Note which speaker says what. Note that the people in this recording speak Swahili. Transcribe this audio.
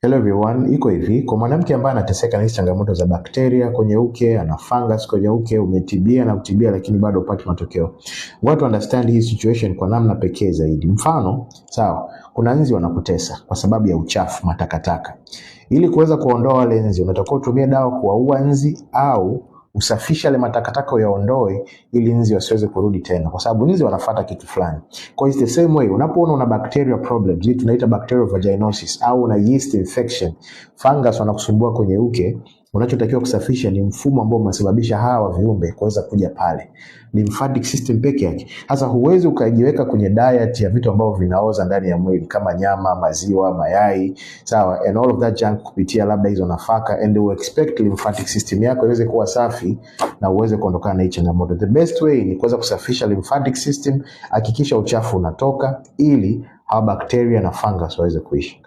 Speaker 1: Hello everyone, iko hivi. Kwa mwanamke ambaye anateseka na hizi changamoto za bakteria kwenye uke, ana fungus kwenye uke, umetibia na kutibia, lakini bado upati matokeo. Watu understand hii situation kwa namna pekee zaidi. Mfano, sawa, kuna nzi wanakutesa kwa sababu ya uchafu, matakataka. Ili kuweza kuondoa wale nzi, unatakiwa utumie dawa kuwaua nzi au usafishe yale matakataka uyaondoe, ili nzi wasiweze kurudi tena, kwa sababu nzi wanafuata kitu fulani. Kwa hiyo the same way unapoona una bacteria problems, hii tunaita bacterial vaginosis au una yeast infection, fungus wanakusumbua kwenye uke unachotakiwa kusafisha ni mfumo ambao umesababisha hawa viumbe kuweza kuja pale, ni lymphatic system peke yake. Sasa huwezi ukajiweka kwenye diet ya vitu ambavyo vinaoza ndani ya mwili kama nyama, maziwa, mayai, sawa, and all of that junk, kupitia labda hizo nafaka, and you expect lymphatic system yako iweze kuwa safi na uweze kuondokana na hii changamoto. The best way ni kuweza kusafisha lymphatic system, hakikisha uchafu unatoka ili hawa bakteria na fungus waweze kuishi.